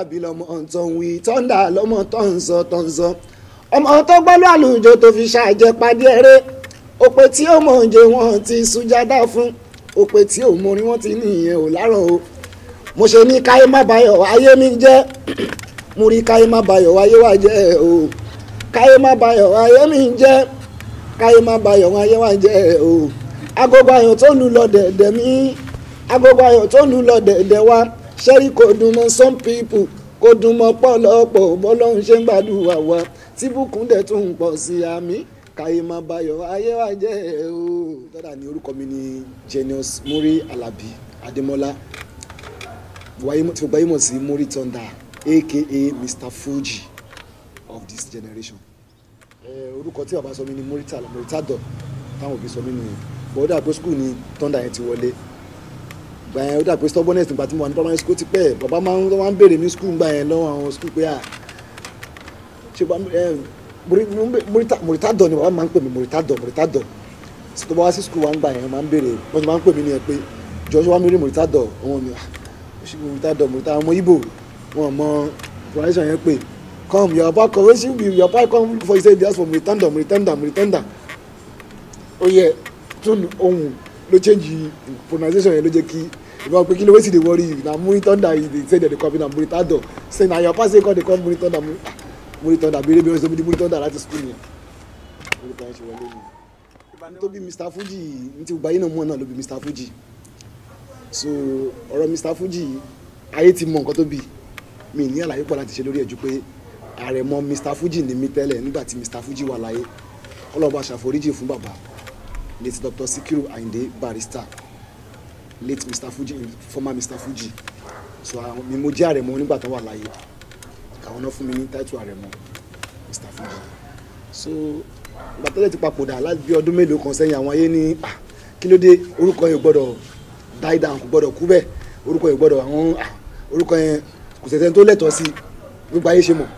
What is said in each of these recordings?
àbí lọmọ tó ń wí tọ́ndà lọmọ tó ń sọ tó ń sọ ọmọ tó gbọ́dọ̀ àlùjọ tó fi ṣàjẹ padì ẹ̀rẹ́ òpè tí ó mọ̀ oúnjẹ wọn ti sùjádà fún òpè tí ò mọ̀ orin wọn ti nìyẹn ò láràn o mo ṣe ní káyé má bayọ̀ ayé mi jẹ́ mo rí káyé má bayọ̀ ayé wa jẹ́ o káyé má bayọ̀ ayé mi jẹ́ káyé má bayọ̀ ayé wa jẹ́ o agogo ayọ̀ tó lù lọ dẹ̀dẹ̀ mi agogo ayọ̀ tó lù lọ dẹ̀dẹ̀ wa ṣẹ́rí kò dùn mọ́ some people kò dùn mọ́ pọ̀lọ́pọ̀ bọ́lọ́run ṣe ń gbàdúrà wa tí bùkún dẹ̀ tún ń pọ̀ sí àmì kàyémà bayọ̀ ayé wa jẹ́ o. dọ́dà ni orúkọ mi ni Genius Muri Alabi Adémọ́lá tí mo gbáyìmọ̀ sí Muri Tonda, aka Mr Fuji of this generation orúkọ tí bàbá sọ mi ni Murità Murità dọ̀ táwọn òbí sọ mi nìyẹn bọ́dà pé skul ni Thunder yẹn ti wọlé gbà yẹn ó dà pé stubbornness nígbà tí mo wà ní primary school ti pẹ́ bàbá máa ń wọ́n béèrè mi school gbà yẹn lọ́wọ́ àwọn school pé à ṣe bá moritadọ ni bàbá máa ń pè mí moritadọ moritadọ tó bá wá sí school wa ń gbà yẹn máa ń béèrè wọ́n ti máa ń pè mí nìyẹn pé jọ́ṣọ́ wa mi rí moritadọ wọn ni moritadọ moritadọ ọmọ Igbo wọn mọ pronunciation yẹn pé come your papa come wetin be your papa come look for you say he dey ask for moritadọ moritadọ moritadọ ó yẹ tún ohun No change pronunciation yẹn ló jẹ́ kí ìbá pé kí ló wetin dey worry you na muri thunder you dey say dem dey call me na muri thunder say na your past record dey call muri thunder muri ah, muri thunder béèrè béèrè sọ mi di muri school yẹn muri tó bí Mr Fuji ní ti gbogbo ayé náà mọ̀ náà ló bí Mr Fuji so ọ̀rọ̀ Mr Fuji ayé ti mọ nǹkan tó bí mi ní àlàyé pọ̀ láti ṣe lórí ẹ̀ ju pé àrẹ̀mọ Mr Fuji ni mi tẹ́lẹ̀ nígbà tí Mr Fuji wà láyé ọlọ́ba ṣàforíjì fún bàbá late Dr. Sikiru Ayinde barista, late Mr. Fuji former Mr. Fuji so àwọn ah, mi mo jẹ́ àrẹ̀mọ nígbà tó wà láyé àwọn náà fún mi ní táìtù àrẹ̀mọ Mr. Fuji so ìgbà tẹ́lẹ̀ ti papòdà láti bí ọdún mélòó kan sẹ́yìn àwọn ayé ní ah, kí ló dé orúkọ yẹn gbọ́dọ̀ die down kò gbọ́dọ̀ kú bẹ́ẹ̀ orúkọ yẹn gbọ́dọ̀ àwọn ah, orúkọ yẹn kò sẹ̀sẹ̀ tó lẹ́tọ̀ọ́ sí gbogbo ayé ṣe mọ̀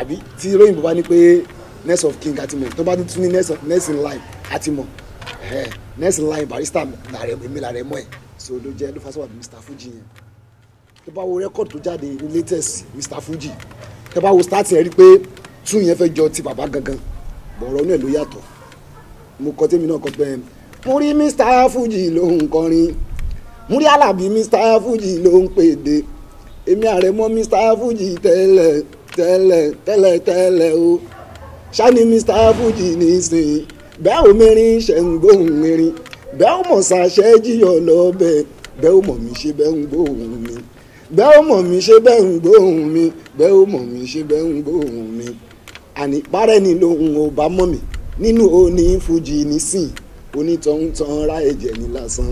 àbí tí lóyìnbó bá ní pé nurse of king àti mọ̀ tó bá tún ní nurse in life àti mọ̀ next line barista làrẹ èmi làrẹ mọ ẹ so ló jẹ ló fásitì wà mr fuji yẹn tẹ bá wo rẹkọọdù tó jáde latest mr fuji tẹ bá wo start yẹn rí pé tún yẹn fẹ́ jọ ti bàbá gangan bọ̀rọ̀ náà ló yàtọ̀ mo kọ tèmi náà kọ pé mo rí mr fuji ló ń kọrin mo rí alábí mr fuji ló ń pèdè èmi àrẹ̀mọ mr fuji tẹ́lẹ̀ tẹ́lẹ̀ tẹ́lẹ̀ tẹ́lẹ̀ o ṣáà ni mr fuji ní í sìn bẹ́ẹ̀ ò mẹ́rin ṣẹ̀ ń gbóhùn mẹ́rin bẹ́ẹ̀ ò mọ̀ ṣàṣẹ́ jiyọ̀ lọ́bẹ̀ bẹ́ẹ̀ ò mọ̀ mi ṣe bẹ́ẹ̀ ń gbóhùn mi bẹ́ẹ̀ ò mọ̀ mi ṣe bẹ́ẹ̀ ń gbóhùn mi bẹ́ẹ̀ ò mọ̀ mi ṣe bẹ́ẹ̀ ń gbóhùn mi àní parẹ́ ni lòun ò bá mọ̀ mi nínú òní fújì nísìn onítọ̀hún tan ra ẹ̀jẹ̀ ní lásán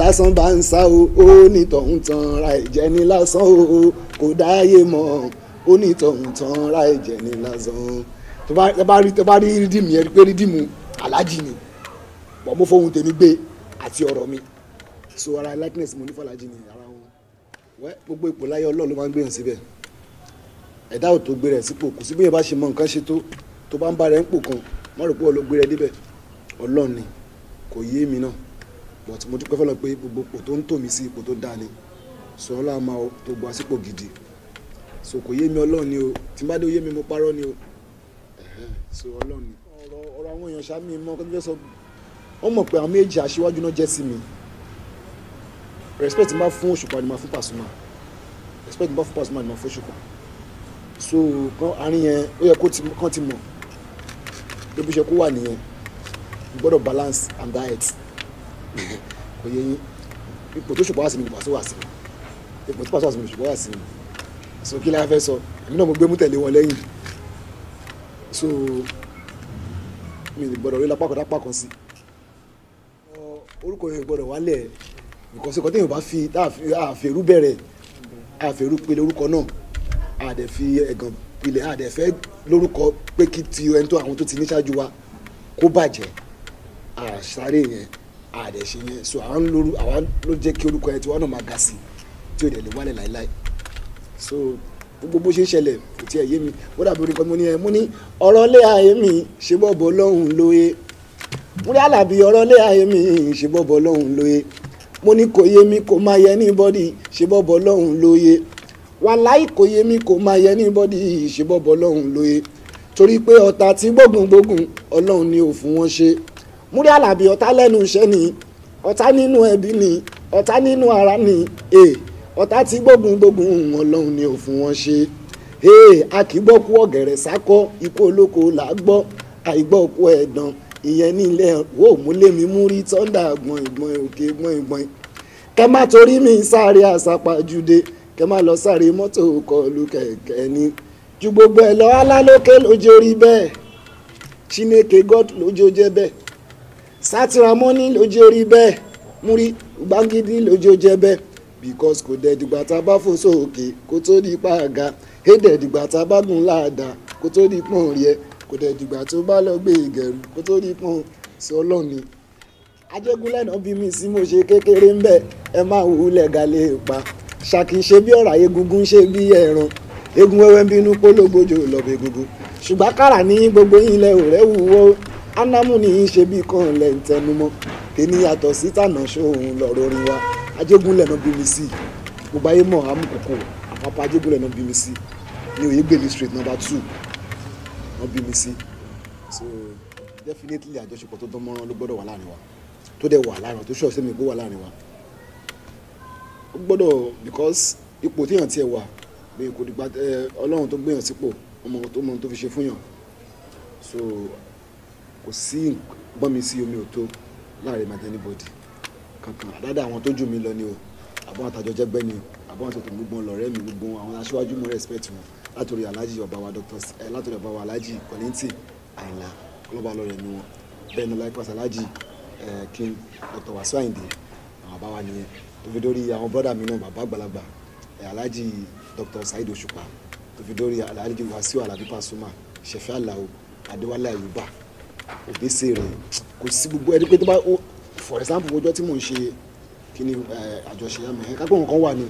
lásán bá ń sá o onítọ̀hún tan ra ẹ̀jẹ̀ ní lásán o kò dáyé mọ́ onítọ̀hún tan ra ẹ̀jẹ̀ ní lásán tó bá rí rídìmù yẹn pé rídìmù alájì ni bọ̀ mo fohùn tèmi gbé àti ọ̀rọ̀ mi so ara likeness mo ní fọlájì ni ara wọn wẹ́ gbogbo ipò láyé ọlọ́run ló máa ń gbé yàn síbẹ̀ ẹ̀dá ò tó gbé rẹ̀ sípò kò sí bí yẹn bá ṣe mọ nǹkan ṣe tó tó bá ń bá rẹ̀ ń pò kan má rò pé ọ ló gbé rẹ̀ débẹ̀ ọlọ́run ni kò yé mi náà but mo dúpẹ́ fọlọ́ pé gbogbo ipò tó ń tò mí sí ipò tó dáa ni sọ ọ́ láà máa tó gba sípò gidi so kò yé mi ọlọ́run ni o tí n bá dé ó yé mi mo parọ́ ni o so ọlọ́run ni ọ̀rọ̀ àwọn èèyàn ṣáà mi mọ́ kó tó sọ wọ́n mọ̀ pé àwọn méjì aṣíwájú náà jẹ́ sí mi respect máa fún Òṣùpá ni máa fún Pasuma respect máa fún Pasuma ni máa fún Òṣùpá so kan àárín yẹn ó yẹ kán ti mọ̀ pé bó ṣe kó wà nìyẹn you gbọ́dọ̀ balance and diet kò yẹ yín ipò tó Òṣùpá wà sí mi ni wà sí mi ipò tó Pasuma wà sí mi ni wà sí mi so kí la fẹ́ sọ èmi náà mo gbé mú tẹ̀lé wọn lẹ́yìn so mi ò gbọ́dọ̀ rí lápákọ̀dá pàkọ́ sí orúkọ yẹn gbọ́dọ̀ wálẹ̀ nǹkan sí kan bá fi àfẹ́rú bẹ̀rẹ̀ àfẹ́rú pele orúkọ náà àdẹ̀ fi ẹ̀gàn pilẹ̀ àdẹ̀ fẹ́ lórúkọ pé kí ti ẹni tó àwọn tó ti ní ṣáájú wa kó bàjẹ́ àṣàrè yẹn àdẹ̀ ṣe yẹn so àwọn ló jẹ́ kí orúkọ yẹn tiwa náà máa ga sí tí ò dẹ̀ lè wálẹ̀ láéláé so gbogbo ṣe ń ṣẹlẹ̀ kò tiẹ̀ yé mi ó dàbí orin kan mo ní ẹ mo ní ọ̀rọ̀ lé ayé mi ṣe bọ́ọ̀bọ̀ lọ́hùn lóye mo rí àlàbí ọ̀rọ̀ lé ayé mi ṣe bọ́ọ̀bọ̀ lọ́hùn lóye mo ní kò yé mi kò máa yẹ ní bọ́dì ṣe bọ́ọ̀bọ̀ lọ́hùn lóye wàláì kò yé mi kò máa yẹ ní bọ́dì ṣe bọ́ọ̀bọ̀ lọ́hùn lóye torí pé ọ̀tá tí gbógun gbógun ọlọ́run ni ò fún wọn ṣe mo rí àlàbí ọ̀tá lẹ́nu iṣẹ́ ni ọ̀tá nínú ẹbí ni ọ̀tá nínú ara ni èè. Eh ọ̀tá tí gbógun gbógun wọn lọ́hùn ni ò fún wọn ṣe a kì í gbọ́ kú ọ̀gẹ̀rẹ̀ sákọ́ ikú olóko là á gbọ́ àìgbọ́ kú ẹ̀dàn ìyẹn ní ilẹ̀ wò múlẹ̀mí mú rí tọ́ndà gbọ̀n ìgbọ̀n òkè gbọ̀n ìgbọ̀n kẹ má torí mi sáré àsápajúdé kẹ má lọ sáré mọ́tò kọlu kẹ̀kẹ́ ni ju gbogbo ẹ̀ lọ alálókè lójó rí bẹ́ẹ̀ Chineke God lójó jẹ́ bẹ́ẹ̀ sátìrámọ́nì lójó rí bẹ́ẹ̀ múrí gbàgídí lójó jẹ́ bẹ́ẹ̀ because kò dẹ̀ dìgbà tá a bá fò sóòkè kó tó di ipá àga é dẹ̀ dìgbà tá a bá gùn láàdá kó tó di pọ̀n rí ẹ kò dẹ̀ dìgbà tó bá lọ gbé ìgẹ̀rù kó tó di pọ̀n sí ọlọ́ni. Ajégúnlẹ̀ náà bí mi sí mo ṣe kékeré ń bẹ̀ ẹ máa wù ú lẹ̀ga lè e pa ṣàkì ṣe bí ọ̀rá egungun ṣe bí ẹran egun wẹ́wẹ́ ń bínú pólógbòjò lọ́bẹ̀ egungun ṣùgbọ́n kára ní gbogbo yín lẹ ò wúwo ánámù ní ṣe bí kan lẹ́ǹtẹnumọ́ èmi yàtọ̀ ṣóhun lọ́rọ̀ orin wa. Ajégúnlẹ̀ náà bí mi sí mo báyé mọ̀ amúkòkò àpapọ̀ Ajégúnlẹ̀ náà bí mi sí ní Oyègbèlè street number two náà bí mi sí so definitely àjọṣepọ̀ tó dán mọ́rán ló gbọ́dọ̀ wà láàrin wa tó dẹ̀ wà láàrin wa tó ṣọ̀ọ́ sẹ́mi kó wà láàrin wa ó gbọ́dọ̀ because ipò téèyàn tiẹ̀ wà bẹ́ẹ̀ kò dìgbà Ọlọ́run tó gbéyàn sípò ọmọ tó mọ ohun tó fi ṣe fún so kò sí gbọ́n mi sí omi ò tó láàrin màdé anybody kankan àdáda àwọn tó jù mí lọ ni o àbọ̀ àtàjọ jẹ́gbẹ́ ni o àbọ̀ àtòkò gbogbo ọ̀rẹ́ mi gbogbo àwọn aṣáájú mo respect wọn látòrí aláàjì ọba wa doctor ẹ eh, látòrí ọba wa aláàjì kọ́lẹ́ntì àyìnlá ọlọ́ba lọ́rẹ̀ mi wọn bẹ́ẹ̀ ni láìpàṣẹ aláàjì eh, king dr wasu àyìndé àwọn àbá wa nìyẹn tó fi dórí àwọn brọ́dà mi náà bàbá àgbàlagbà eh, aláàjì dr saheed òṣùpá tó fi dórí aláàjì wasiu alábí pasuma ṣẹfẹ aláwo adéwálé ayùbá òbí sèrè kò sí gbogbo ẹni pé tó bá for example ọjọ́ tí mò ń ṣe kí ni eh, àjọṣe àmì ẹ̀ka pé nǹkan wà ní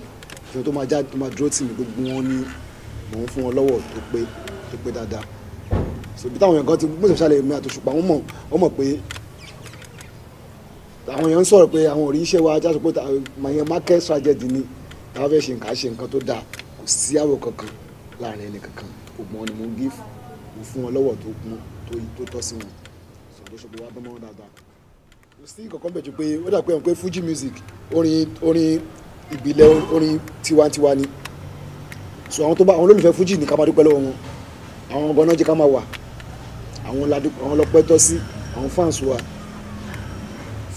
ìfẹ́ tó máa já tó máa dúró tì mí gbogbo wọn ní mò ń fún wọn lọ́wọ́ tó pé tó pé dáadáa so bí táwọn èèyàn kan ti mú ìṣẹ̀ṣẹ̀ mi àtòṣùpá wọn mọ̀ wọ́n mọ̀ pé àwọn èèyàn ń sọ̀rọ̀ pé àwọn òrí iṣẹ́ wa jáde pé màyẹn market strategy ni táwọn fẹ́ ṣe nǹkan ṣe nǹkan tó dáa kò sí àwọ̀ kankan láàrin ẹni kankan ògbọ́n ni mo ń gífù mo fún wọn lọ́wọ́ tó kún tó tọ́ sí wọn ṣògbóṣògbó wa bọ́mọ́ dáadáa kò sí kankan bẹ̀ ju pé ó dà pé òun pé Fuji music orin orin ìbílẹ̀ orin tiwantiwa ni so àwọn tó bá àwọn olólùfẹ́ Fuji ní ká máa dúpẹ́ lọ́wọ́ wọn àwọn ọgbọ́n náà jẹ́ ká máa wà àwọn ọlọ́pẹ́ tọ́ sí àwọn fans wa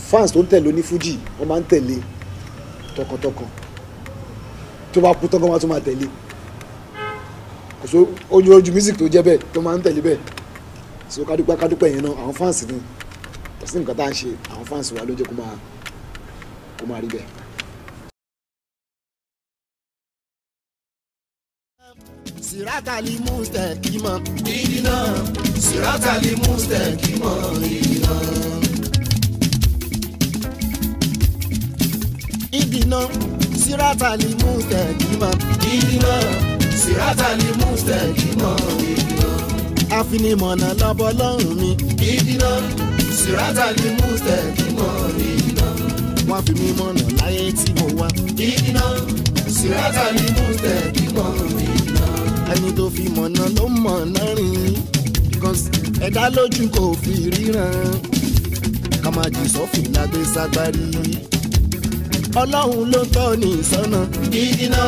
fans tó ń tẹ̀lé oní Fuji wọ́n máa ń tẹ̀lé tọkàntọkàn tó bá kú tọkàn wọn tó máa tẹ̀lé kò sí ojú ojú music tó jẹ́ bẹ́ẹ̀ tó máa ń tẹ̀lé bẹ́ẹ̀ so ká dúpẹ́ ká dúpẹ́ yẹn náà àwọn fans ni yàtọ̀ nǹkan tá à ń ṣe àwọn fáǹsì wa ló jẹ́ kó máa kó máa rí bẹ́ẹ̀. siratali mustakima idina siratali mustakima idina. idina siratali mustakima idina siratali mustakima idina. afinimọ̀nà lọ́bọ̀ lọ́rùn mi. idina sírátà ni mùsítẹ̀kìmọ̀ iná. wọ́n fi mí mọ̀nà láyé tí mo wá. iná sírátà ni mùsítẹ̀kìmọ̀ iná. ẹni tó fi mọ̀nà ló mọ̀nà rìn ẹ̀dá lójú kò fi ríran ká má jù sọ́fìn lágbé ságbárí ọlọ́run ló tọ́ ní sọ́nà. iná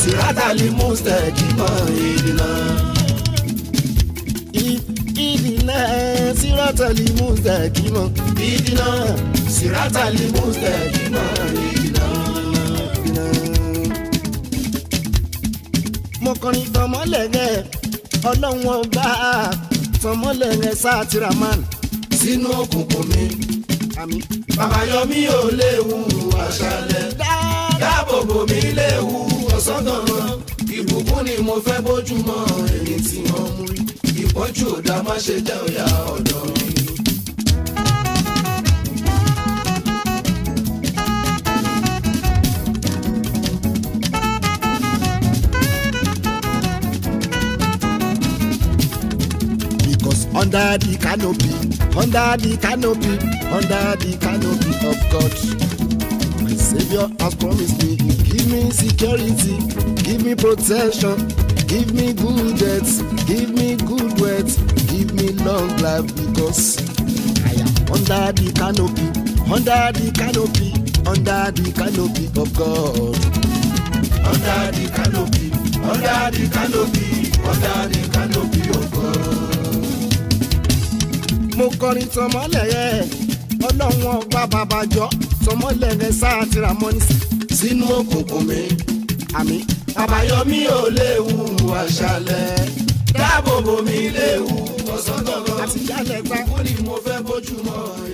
sírátà ni mùsítẹ̀kìmọ̀ iná náà sírátàlì mùsítàkìmọ̀. ìdìnnà sírátàlì mùsítàkìmọ̀ ìdìnnà. mo kọrin tọmọlẹ́gẹ́ ọlọ́run ọba tọmọlẹ́gẹ́ sátira man. sínú òkùnkùn mi bàbá yọ mí ò léwu àṣálẹ́ dáàbòbò mi léwu ọ̀sán gan ìbùkún ni mo fẹ́ bójúmọ́ èyí tí wọ́n mú ojú ọ̀dà má ṣe jẹ́ òyà ọ̀dọ́ mi. under the canopy under the canopy under the canopy of God my saviour has promised me give me security give me protection Give me good health, give me good wealth, give me long life because I am under the canopy, under the canopy, under the canopy of God. Under the canopy, under the canopy, under the canopy of God. Mo kọrin tọmọlẹ yẹ, ọlọ́run ọba bàbá jọ, tọmọlẹ rẹ sáà tìramọ́ni sínú òkùnkùn mi. Àmín àbáyọmí ò léwu àṣàlẹ̀ dáàbòbò mi léwu ọ̀sán gangan ó ní mo fẹ́ bójúmọ́ ẹ.